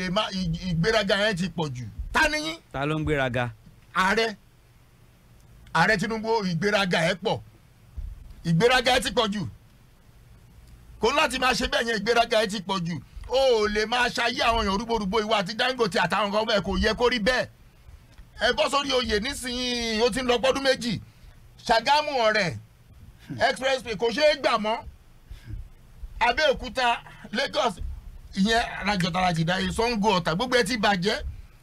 lè má ìgbéraga yẹn ti pọ̀ jù ta ni yín. ta ló ń gbéraga. ààrẹ ààrẹ Tinubu ìgbéraga ẹ pọ̀ ìgbéraga ẹ ti pọ̀ jù kó láti máa ṣe bẹ́ẹ̀ yẹn ìgbéraga ẹ ti pọ̀ jù o ò lè máa ṣayé àwọn èèyàn rúborúbo ìwà àti Dangote àtàwọn kan bẹ́ẹ̀ kò yẹ kó rí bẹ́ẹ̀ ẹ bọ́ sórí oyè nísìnyí ó ti ń lọ pọ́dún méjì Ṣàgámù ọ̀rẹ́ expressway kò ṣeé gbà mọ́ Abẹ́òkúta Lagos ìyẹn alájọtaraṣìdá Ṣàngó Ọ̀tà gbogbo ẹ ti bàjẹ́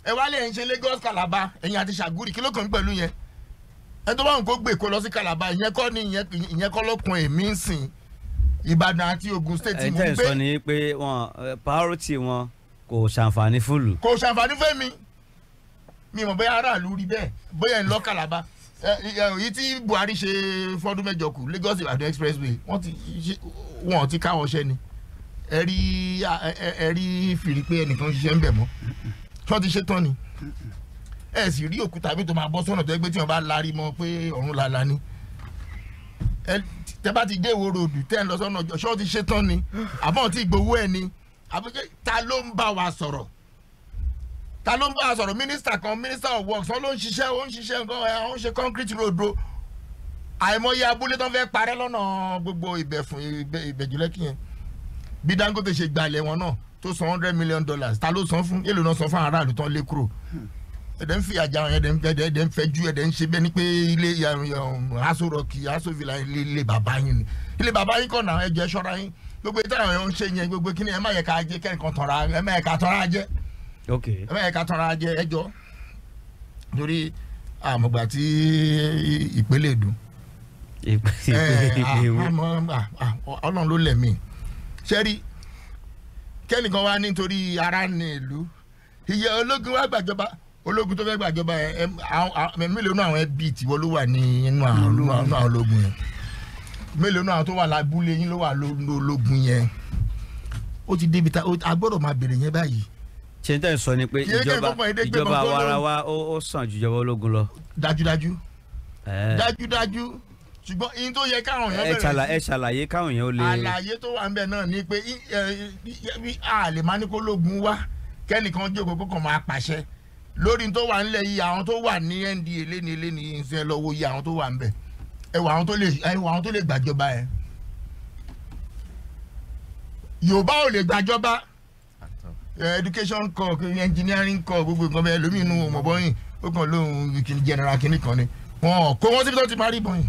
ẹ wá lè ń ṣe Lagos Calabar ẹ̀yin àti Ṣàgùrì kí ló kàn ń pẹ̀lú yẹn ẹ tó bá wọn kó gbé kó lọ sí Calabar ìyẹn kọ́ ni ìyẹn kọ́ lọ́kùn èmi ń sìn Ìbàdàn àti Ògùn state mo gbé. ẹ tẹ́ sọ ni pé wọn priority wọn kò ṣàǹfààní fúlù. kò ṣàǹfààní fẹ́mi mi mọ̀ bóyá aráàlú rí bẹ́ẹ̀ bóyá ń lọ Calabar èyí tí Buhari ṣe fọ́dún mẹ́jọ kù Lagos Ìbàdàn expressway wọ́n ti káwọ́ ṣẹ́ ni ẹ rí ẹ rí fìrí pé ẹnìkan ṣiṣẹ́ ń bẹ̀ mọ́ tó ti ṣe tán ni ẹ sì rí òkúta bí tó máa bọ́ sọ́nà tó ẹgbẹ́ tí wọ́n bá larí mọ́ pé ọ̀run lala ni tẹ bá ti dé ìwò ròdù tẹ́ ń lọ sọ́nà ṣọ́ ti ṣe tán ni àbọ̀ tí gbowó ẹ̀ ni ta ló ń bá wa sọ̀rọ̀ ta ló ń bá wa sọ̀rọ̀ mínísítà kan mínísítà of works wọn ló ń ṣiṣẹ́ ó ń ṣiṣẹ́ nǹkan ẹ̀ ó ń ṣe concrete road o àìmọye abúlé tó ń fẹ́ parẹ́ lọ́nà gbogbo ìbẹ̀fún ìbẹ̀jùlẹ́kì yẹn bí Dangote ṣe gbalẹ̀ wọn náà tó san hundred million dollars ta ló san fún èlò náà san fún aráàlú tán lé kúrò ẹ̀dẹ̀ ń fi àjà ẹ̀dẹ̀ ń fẹ́ ẹ̀dẹ̀ ń fẹ́ ju ẹ̀dẹ̀ ń ṣe bẹ́ẹ̀ ni pé ilé aṣọ rọ̀kì aṣọ villa ilé bàbá yín ni ilé bàbá yín kọ̀ náà ẹ̀jẹ̀ ṣọ́ra yín gbogbo ìtàn àwọn èèyàn ń ṣe yẹn gbogbo kí ni ẹ má yẹ ká jẹ kẹ́nìkan tọ̀ra ẹ má yẹ ká tọ̀ra jẹ ẹ má yẹ ká tọ̀ra jẹ ẹjọ́ torí àmọ̀gbà tí ìpele dùn eh, ọlọ́run ló lẹ̀ mí ṣẹ́rí kẹ́nìkan wá nítorí ara ní ìlú iye ológun wá gbàjọba ológun tó fẹ́ gbàjọba ẹ mélòó náà àwọn ẹbí tiwọn ló wà ní inú àwọn ológun yẹn mélòó náà àwọn tó wà lábúlé yín ló wà lónú ológun yẹn ó ti débi ta a gbọ́dọ̀ máa bèrè yẹn báyìí. ṣèǹtẹ̀ sọ ni pé ìjọba ìjọba àwarawa ó sàn ju ìjọba ológun lọ. dájúdájú dájúdájú ṣùgbọ́n ihun tó yẹ káwọn èèyàn bẹ̀rẹ̀ sí. ẹ ṣàlàyé káwọn èèyàn ó lè. àlàyé tó wà níbẹ̀ náà ni pé a lè máa ní kó lóògùn wá kẹ́nìkan jókòó kó kàn máa pàṣẹ lórí tó wà nílẹ̀ yìí àwọn tó wà ní NDA léni léni yìí ń sẹ́ lọ́wọ́ yìí àwọn tó wà níbẹ̀ ẹ wà àwọn tó lè gbàjọba yẹn Yorùbá ò lè gbàjọba education kọ engineering kọ gbogbo nǹkan bẹ́ẹ̀ lómi inú ọmọ bọ́yìn ó kàn lóhun general kìnìkan ni wọn kó wọn síbi tó ti parí bọ́yìn.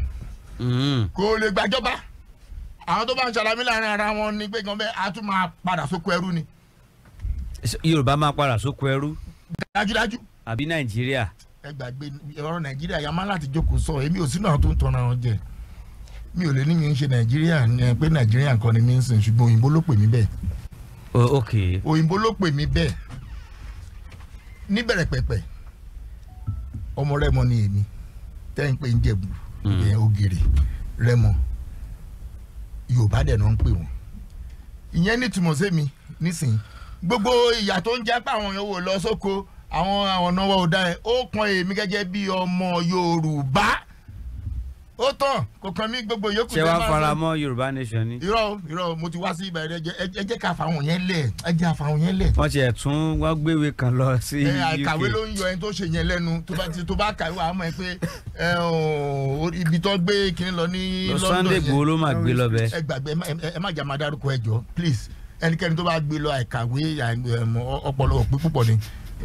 Hmm. Kò lè gbàjọba àwọn tó bá ń ṣàlàyé láàrin ara wọn ni pé gan a tún máa padà sóko ẹrú ni. Yorùbá máa padà sóko ẹrú. dájúdájú. àbí Nàìjíríà. ẹ gbàgbé ọ̀rọ̀ Nàìjíríà ya máa láti jókòó sọ èmi ò sínú àwọn tó ń jẹ mi ò lè ní mi ń ṣe Nàìjíríà pé Nàìjíríà ni mi ń ṣùgbọ́n òyìnbó ló pè mí bẹ́ẹ̀. ok. Mm. ìyẹn ògèrè rẹmọ yorùbá dẹ̀ náà ń pè wọ́n ìyẹn ní túmọ̀ sẹ́mi nísìnyí gbogbo ìyà tó ń jápá àwọn yòówó lọ sóko àwọn ọ̀nà wa ẹ̀ ó kan èmi gẹ́gẹ́ bí ọmọ yorùbá ó tán kò kàn mí gbogbo yòókù tẹ máa sọ. ṣé wàá fara mọ́ yorùbá nation ni. irọ́ irọ́ mo ti wá sí ibà rẹ ẹ jẹ́ ká fàwọn yẹn lẹ̀ ẹ jẹ́ àfàwọn yẹn lẹ̀. wọ́n ti ẹ̀ tún wọ́n gbéwé kan lọ sí uk. àkàwé ló ń yọ ẹni tó ṣe yẹn lẹ́nu tó bá ti tó bá kàwé wàá mọ̀ ẹ pé ibi tó gbé kiri lọ ní london. Sunday Igboho ló máa gbé lọ bẹ. ẹ gbàgbé ẹ má jà máa please ẹnikẹ́ni tó bá gbé lọ àìkàwé ọpọlọ òpin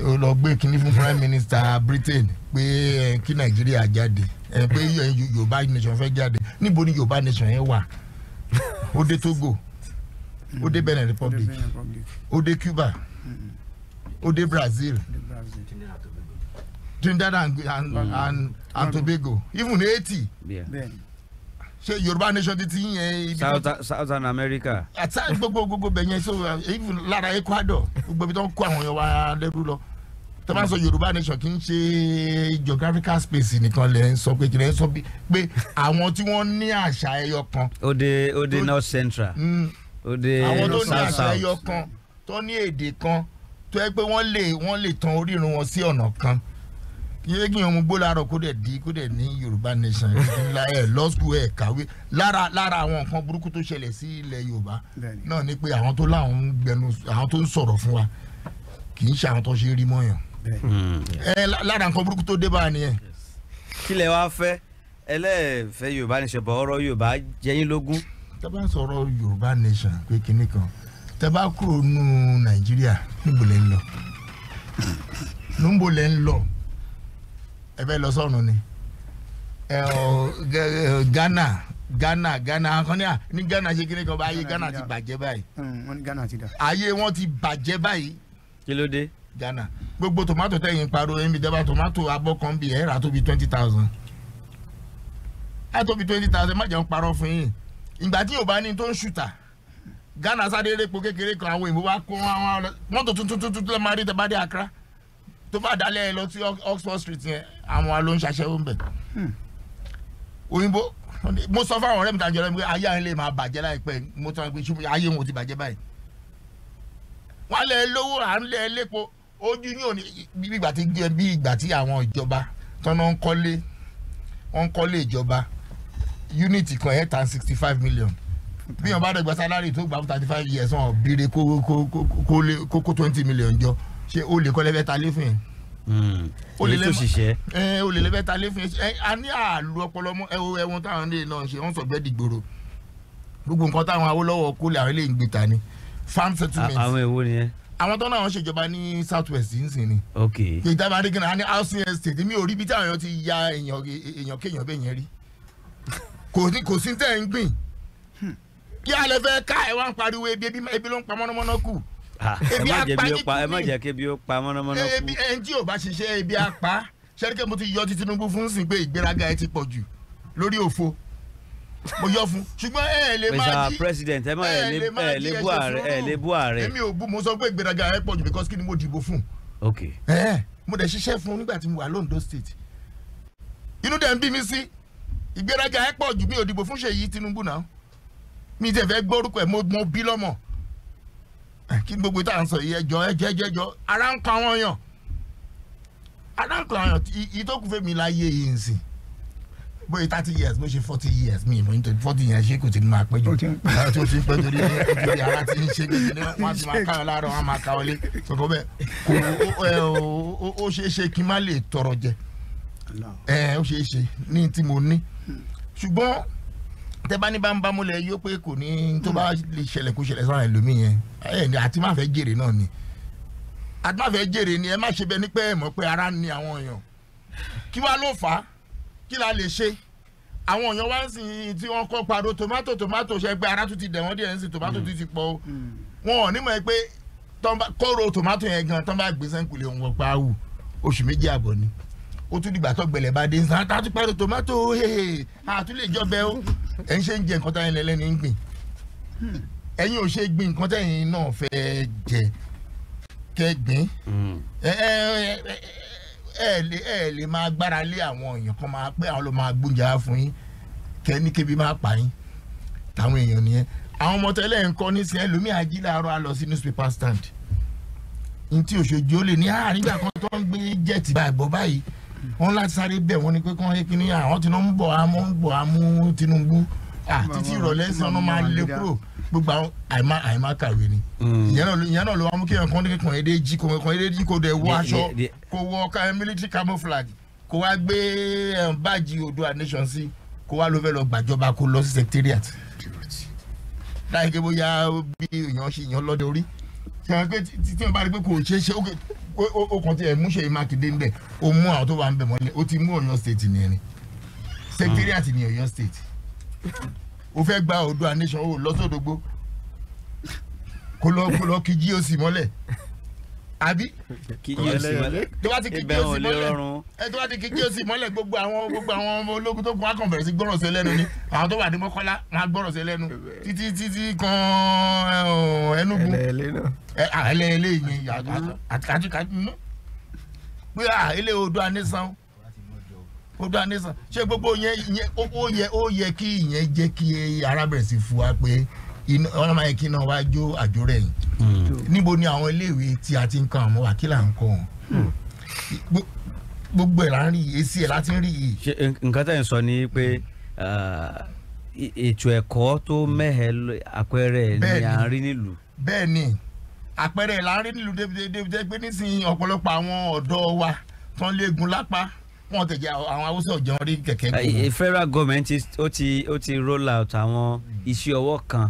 ó lọ gbé fún prime minister britain pé ẹ kí nàìjíríà jáde ẹ pé yorùbá nation fẹ́ jáde níbo ni yorùbá nation yẹn wà ó dé togo ó dé benin republic ó dé cuba ó dé brazil trinidad and, and, and, tobago even haiti ṣe yorùbá nation ti ti yẹn. south southern america. àti gbogbo gbogbo bẹ̀ yẹn so uh, even lára ecuador gbogbo ibi tó ń kó àwọn yẹn lẹ́rú lọ tó sọ yorùbá nation kì í ṣe geographical space nìkan lè ń sọ pé kì í sọ pé àwọn tí wọ́n ní àṣà ẹyọ kan. ó dé ó dé north central. Mm. ó dé south south. àwọn tó ní àṣà ẹyọ kan tó ní èdè kan tó yẹ pé wọ́n lè wọ́n lè tan orírun wọn sí ọ̀nà kan yéègbìn ọmọ gbó láàárọ̀ kó dẹ̀ di kó dẹ̀ ní yorùbá nation ńlá ẹ̀ lọ́sùkú ẹ̀ kàwé lára lára àwọn nǹkan burúkú tó ṣẹlẹ̀ sí ilẹ̀ yorùbá náà ni pé àwọn tó láwọn ń gbẹnu àwọn tó ń sọ̀rọ̀ fún wa kì í ṣe àwọn tó ṣe rí mọ́yàn ẹ lára nǹkan burúkú tó dé bá a nìyẹn. kílẹ̀ wá fẹ́ ẹlẹ́ẹ̀fẹ́ yorùbá nation bọ̀ ọ̀rọ̀ yorùbá jẹyín lógún. tẹ́ bá sọ̀rọ̀ yorùbá nation pé kinní kan tẹ́ bá kúrò nù nàìjíríà níbo lẹ́ ń lọ ẹ fẹ́ lọ sọ́run ni Ghana Ghana Ghana akọni à ní Ghana ṣe kí ni kan bá ayé Ghana ti bàjẹ́ báyìí hmm, ayé wọn ti bàjẹ́ báyìí. kí ló dé. Ghana gbogbo tomato tẹ̀yìn pariwo ẹ̀mí dẹ́ba tomato abọ́ kan bí ẹ̀ rà twenty thousand ẹ̀ tó twenty thousand má jẹun parọ́ fún yín ìgbà tí yóò bá tó ń ṣùtà Ghana sáré erépo kékeré kan àwọn èèyàn wá kó wọn mọ́tò tuntun tuntun tó máa rí tẹ́ bá dé Accra tó bá dalẹ̀ lọ sí Oxford Street yẹn àwọn wa ló ń ṣaṣẹ́wó ń bẹ̀. Hmm. òyìnbó mo sọ fún àwọn ọ̀rẹ́ mi tàjọ́ lẹ́nu pé ayé àwọn ilé máa bàjẹ́ láìpẹ́ mo sọ pé ṣùgbọ́n ayé wọn ò ti bàjẹ́ báyìí. wọ́n lẹ lówó à ń lẹ lépo ojú yóò ní bí ìgbà tí jẹ bí ìgbà tí àwọn ìjọba tọ́nà ń kọ́lé wọ́n ń kọ́lé ìjọba unity kan eight sixty five million bí wọn bá dẹ̀gbà sálárì tó gbà fún thirty five years wọn ò bí re kó kó kó kó twenty million jọ ṣe olè kọ́ lẹ́fẹ̀ẹ́ ta lé fún yẹn. Hmm. olè lẹ́fẹ̀ẹ́ ẹ olè lẹ́fẹ̀ẹ́ ta lé fún yẹn a ní àlù ọpọlọ mọ ẹ wo ẹwọn táwọn ilé náà ṣe wọn sọ bẹ́ẹ̀ dìgbòrò gbogbo nǹkan táwọn Awólọ́wọ̀ kó lè àwọn ilé ìgbé ni farm settlement. àwọn èwo ni ẹ. àwọn tó náà wọn ṣèjọba ní south west yìí nsìn ni. ok ìjọba adigunna a ní housing estate mi ò rí ibi táwọn èèyàn ti ya èèyàn kéèyàn bẹ́ẹ̀ yẹn rí kò sí tẹ́ ń gbìn kí hmm. alẹ́ fẹ́ ká ẹ̀ wá ń pariwo ebi ló ń pa mọ́nàmọ́ná kù ebi apá ní ẹ má jẹ́ kí ebi ó mọ́nàmọ́ná kú. ebi tí yóò bá ṣiṣẹ́ ebi apá ṣẹ́ríkẹ́ mo ti yọ ti Tinubu fún sí pé ìgbéraga ẹ ti pọ̀ jù lórí òfo mo yọ fún ṣùgbọ́n ẹ lè máa di president ẹ má ẹ lè bú ààrẹ ẹ lè bú ààrẹ. èmi ò bú mo sọ pé ìgbéraga ẹ pọ̀ jù because kí ni mo dìbò fún. ok ẹ mo dẹ̀ ṣiṣẹ́ fún nígbà tí mo wà lóńdó state inú dẹ̀ ń bí mi sí ìgbéraga ẹ pọ̀ jù mi ò dìbò fún Ṣèyí Tinubu náà mi tẹ̀ fẹ́ gbórúkọ ẹ̀ mo bí lọ́mọ kí gbogbo tá à ń sọ yìí ẹjọ ẹjọ ẹjọ ara ń kan wọn yàn ara ń kan wọn yàn ìtọ́kùn fẹ́mi láyé yìí ń sìn bóyá thirty years bó ṣe forty years mi ìmọ̀ nítorí forty years ṣé kò ti ní máa pẹ́ jù tó ti pẹ́ torí ojú ara ti ń ṣe kékeré wọ́n ti máa káyọ̀ láàárọ̀ wọ́n máa káwọ́ lé sọ̀tọ̀ bẹ́ẹ̀ kò ó ṣeé ṣe kí n má lè tọrọ jẹ ẹ ó ṣeé ṣe ní tí mo ní ṣùgbọ́n tẹ́bání bá ń bá múlẹ̀ yóò pé kò ní tó bá lè ṣẹlẹ̀ kó ṣẹlẹ̀ sára ẹlòmíì yẹn ní àti má fẹ́ jèrè náà ni àti má fẹ́ jèrè ni ẹ má ṣe bẹ́ẹ̀ ni pé ẹ mọ̀ pé ara ni àwọn èèyàn kí wá ló fà á kí la lè ṣe àwọn èèyàn wá ń sìn tí wọ́n kọ́ paro tomato tomato ṣe pé ara tún ti dẹ̀ wọ́n díẹ̀ ń sìn tomato tún ti pọ̀ o wọn ò ní mọ̀ pé kóró tomato yẹn gan tán bá gbé sẹ́ńkulẹ̀ òun wọ̀ pa áwù oṣù méjì àbọ̀ ni ó tún dìgbà tó gbẹlẹ̀ bá dé nsán tá tomato hehe àtúlẹ̀ ìjọba o ẹ̀ ń ṣe ń jẹ nǹkan táyẹn lẹ́lẹ́ni ń gbìn hmm. ẹ̀yin ò ṣe gbìn nǹkan táyẹn náà fẹ́ jẹ kẹ́ gbìn hmm. ẹ ẹ ẹ ẹ lè máa gbára lé àwọn èèyàn kan máa pé àwọn ló máa gbóúnjà fún yín kẹ́ ní kébi máa pa yín táwọn èèyàn nìyẹn àwọn ọmọ tẹ́lẹ̀ ń kọ́ nísìnyí ẹlòmíì ají á lọ sí newspaper stand n tí òṣèjì ó lè ní àárín ah, ìgbà kan tó ń gbé jẹ́ẹ̀tì báyìí bọ́ báyìí wọn láti sáré bẹ̀ wọ́n ní pé kán yékin ní àwọn tí wọ́n ń bọ̀ àmọ́ ń bọ̀ àmú Tinubu títí ìrọ̀lẹ́ sí ọ̀nà máa lé kúrò gbogbo àwọn àìmá àìmá kàwé ni. Mm. ìyẹn náà ló wá mú kí ẹ̀kan kàn édé jí kò kàn édé jí kò dẹ̀ wọ aṣọ kò wọ military camouflage kò wá gbé báàjì Oòduà nation sí kò wá ló fẹ́ lọ gbàjọba kó lọ sí secretariat. láì ké bóyá bí èèyàn ṣe èèyàn orí sẹ́wọ́n pé tí wọ́n bá rí pé kò ṣeé ṣe ó kàn ti ẹ̀ mú Ṣèyí Mákindé ń bẹ̀ ó mú àwọn tó wà ń bẹ̀ mọ́lẹ̀ ó ti mú Ọ̀yọ́ state nìyẹn ni secretariat ní Ọ̀yọ́ state ó fẹ́ gba Oòduà nation ó lọ sódogbo kó lọ kó lọ kí jí ó sì mọ́lẹ̀ àbí. kí yóò sì mọ́lẹ̀ tó bá ti kí yóò sì mọ́lẹ̀ ẹ tó bá ti kí yóò sì mọ́lẹ̀ gbogbo àwọn gbogbo àwọn ọmọ ológun tó kún akọ̀nfẹ̀ sí gbọ́rọ̀ sí ẹlẹ́nu ni àwọn tó wà ní Mọ́kọ́lá wọn á gbọ́rọ̀ sí ẹlẹ́nu títí títí kan Ẹnugu ẹlẹ́ẹ̀lẹ́ yẹn àtúkàtúkàtú pé à ilé odò anísàn odò anísàn ṣé gbogbo yẹn ó yẹ kí ìyẹn jẹ́ kí arábẹ̀rẹ̀ sí fún wa pé iná wọn máa yẹ kí iná wá jó àjò rẹ̀ yìí hmm. níbo ni àwọn iléèwé tí a ti ń kan àwọn wákìlà ń kọ́ wọn hmm. gbogbo ẹ̀ láń rí èsì ẹ̀ láti ń rí yìí. nǹkan tẹ̀ ń sọ ni pé ètò ẹ̀kọ́ tó mẹ́hẹ̀ àpẹẹrẹ ni à ń rí nílùú. bẹ́ẹ̀ ni àpẹẹrẹ là ń rí nílùú débìdébìdé pé nísìnyí ọ̀pọ̀lọpọ̀ àwọn ọ̀dọ́ wa tán léegun lápá wọn tẹ̀jẹ̀ àwọn haúsá ọ̀jọ̀ rí kẹ̀kẹ́ gbòòrò. federal government ó ti ó ti roll out àwọn hmm. iṣẹ́ ọwọ́ kan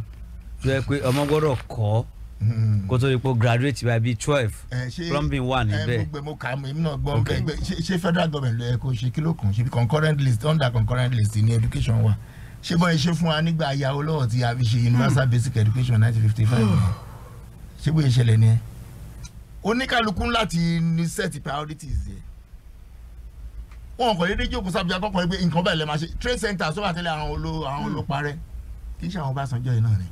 tó yẹ pé ọmọ gbọ́dọ̀ kọ́ hmm. kó tó yẹ pé graduate by bíi twelve eh, plumbing wà níbẹ̀. ẹ eh, mo kà mí náà gbọ́ bẹ́ẹ̀ ṣé federal government ló yẹ kó ṣe kí ló ṣe bí concurrent list under concurrent list ní education wa ṣé bọ́ ẹ ṣe fún wa nígbà ayá olówó tí a fi ṣe universal basic education nineteen fifty five ṣé bóyá ìṣẹ̀lẹ̀ ni ẹ oníkàlùkù láti ní set priorities yẹ wọn kò déédéé jókòó sábìá kọkàn pé nǹkan báyìí lè máa ṣe trade center sọ́wọ́ àtẹ́lẹ̀ àwọn hmm. olóparẹ́ kì í ṣe àwọn Ọbásanjọ́ yìí náà ni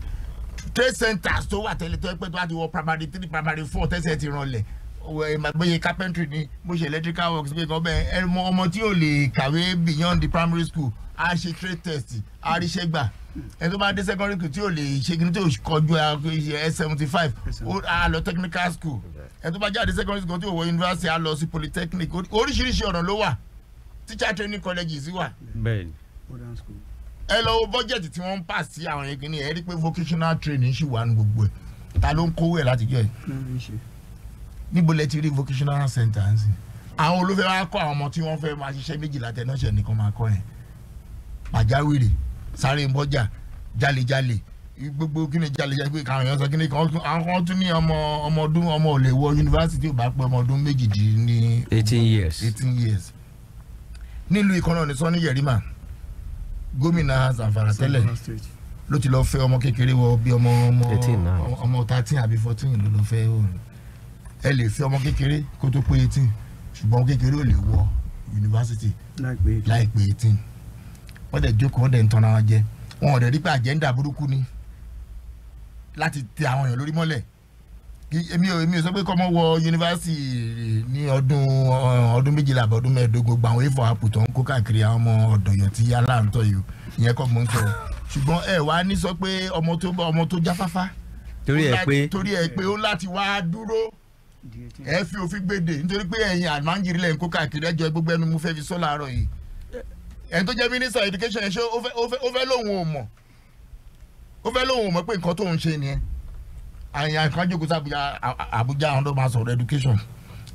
trade centers tó wà tẹ́lẹ̀ tó yẹ pé tó wà ti wọ primary three primary four tẹ́sẹ̀ ti ranlẹ̀ bóyá carpentry ni bó electrical works bí nǹkan bẹ́ẹ̀ ọmọ tí ò lè kàwé beyond the primary school á ṣe trade test á ríṣẹ́ gbà ẹ tó bá dé secondary school tí ò lè ṣe kí ni tí ò kọjú ẹ seventy five á lọ technical school ẹ tó bá jáde secondary school tí ò wọ university á lọ sí polytechnic oríṣiríṣi ọ̀nà ló wà teacher training colleges wà. bẹ́ẹ̀ni modern school ẹ lọ wo bọ́jẹ̀tì tí wọ́n ń pass sí àwọn yẹn kìíní ẹ rí i pé vocational training ṣì wà ní gbogbo ẹ̀ ta ló ń kówó ẹ̀ láti jẹ́ ẹ̀ níbo lẹ ti rí vocational center ń sìn àwọn olófẹ́ wa kọ́ àwọn ọmọ tí wọ́n fẹ́ máa ṣiṣẹ́ méjìlá tẹnáṣẹ́ nìkan máa kọ́ yẹn pàjáwìrì sáré bọ́jà jálejálè gbogbo kíni jálejálè pé káwọn èèyàn sọ kíni kan àwọn tún ní ọmọ ọmọ ọdún ọmọ ò lè wọ yunifásitì ò bá pé ọmọ ọdún méjìdínlẹ́ eighteen years gómìnà Zamfara tẹ́lẹ̀ ló ti lọ́ọ́ fẹ́ ọmọ kékeré wọ bí ọmọ ọmọ ọmọ thirteen àbí fourteen ló lọ́ọ́ fẹ́ òun ẹ lè fẹ́ ọmọ kékeré kó tó pé eighteen ṣùgbọ́n ọmọ kékeré ò lè wọ yunifásitì láì pé eighteen wọ́n dẹ̀ jókòó wọ́n dẹ̀ ń tanra wọn jẹ wọn ò dẹ̀ rí pé àjẹ́ńdà burúkú ni láti tẹ àwọn èèyàn lórí mọ́lẹ̀ èmi ò èmi ò sọ pé kọ́mọ wọ yunifásitì ní ọdún ọdún méjìlá àbọ̀ mẹ́ẹ̀ẹ́dógún gba àwọn ifọ̀ àpò ń kó káàkiri àwọn ọmọ ọ̀dọ̀yọ̀ tí aláǹtọ̀ yìí ìyẹn kọ́ mọ̀ ń sọ ṣùgbọ́n ẹ wàá ní sọ pé ọmọ tó ọmọ tó jáfáfá torí ẹ pé torí ẹ pé ó láti wá dúró ẹ fi òfin gbèdè nítorí pé ẹ̀yin àlùmáǹgìrì lẹ́yìn kó káàkiri ẹjọ́ gbogbo ẹnu mo fẹ́ fi sọ́ àyàn kan jókòó sí Abuja àwọn ló máa sọ̀rọ̀ education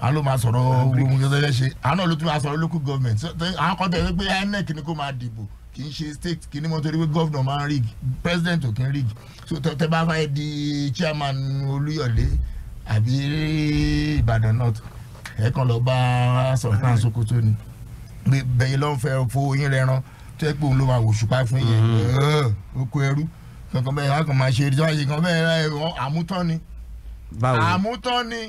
àwọn ló máa sọ̀rọ̀ ohun gẹ́gẹ́ ṣe àwọn náà ló tún máa sọ̀rọ̀ local government àwọn kan tẹ̀lé pé INEC ni kó máa dìbò kì í ṣe state kì í ní mo torí pé governor máa ń rig president ò kì í rig so tẹ bá fẹ́ di chairman Olúyọ̀lé àbí Ìbàdàn north ẹ kàn lọ bá Sultan Sokoto ni bẹ́ẹ̀ ló ń fẹ́ fowó yín rẹ̀ rán tó yẹ pé òun ló máa wòṣùpá fún yẹn mm-hmm. ó kó ẹrú kankan bẹ́ẹ̀ a kàn máa ṣe ìjọ àyè kan bẹ́ẹ̀ ẹ àmútán ni àmútán ni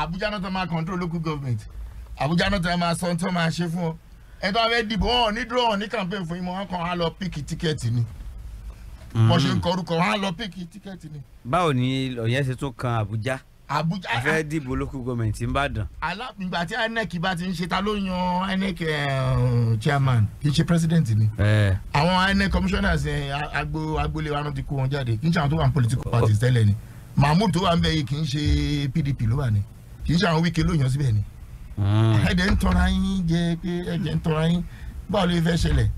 Àbújá náà tó máa control local government Àbújá náà tó máa sọ tó máa ṣe fún ọ ẹ tó fẹ́ dìbò hàn ní dúró hàn ní campaign fún yín mọ́ wọn kàn á lọ píkì tíkẹ́ẹ̀tì ni wọ́n ń kọ orúkọ wọn á lọ píkì tíkẹ́ẹ̀tì ni. báwo ni ọ̀yẹ́ ṣe tún kan Àbújá. Abuja. a fẹ́ dìbò local government n'Íbàdàn. alábìgbà tí INEC bá ti ń ṣe ta ló yan INEC eh, chairman kì í ṣe president ni. Eh. àwọn INEC commissioners eh, agbo agboolé wa ti kó wọn jáde kì í ṣe àwọn tó wà ní political parties tẹ́lẹ̀ ni mahmood tó wà ń bẹ yìí kì í ṣe PDP ló wà ní kì í ṣe àwọn wíkẹ́ ló yan síbẹ̀ ni. Hmm. ẹ̀jẹ̀ ń tọ́ra yín jẹ́ pé ẹ̀jẹ̀ ń tọ́ra yín báwo ló fẹ́ ṣẹlẹ̀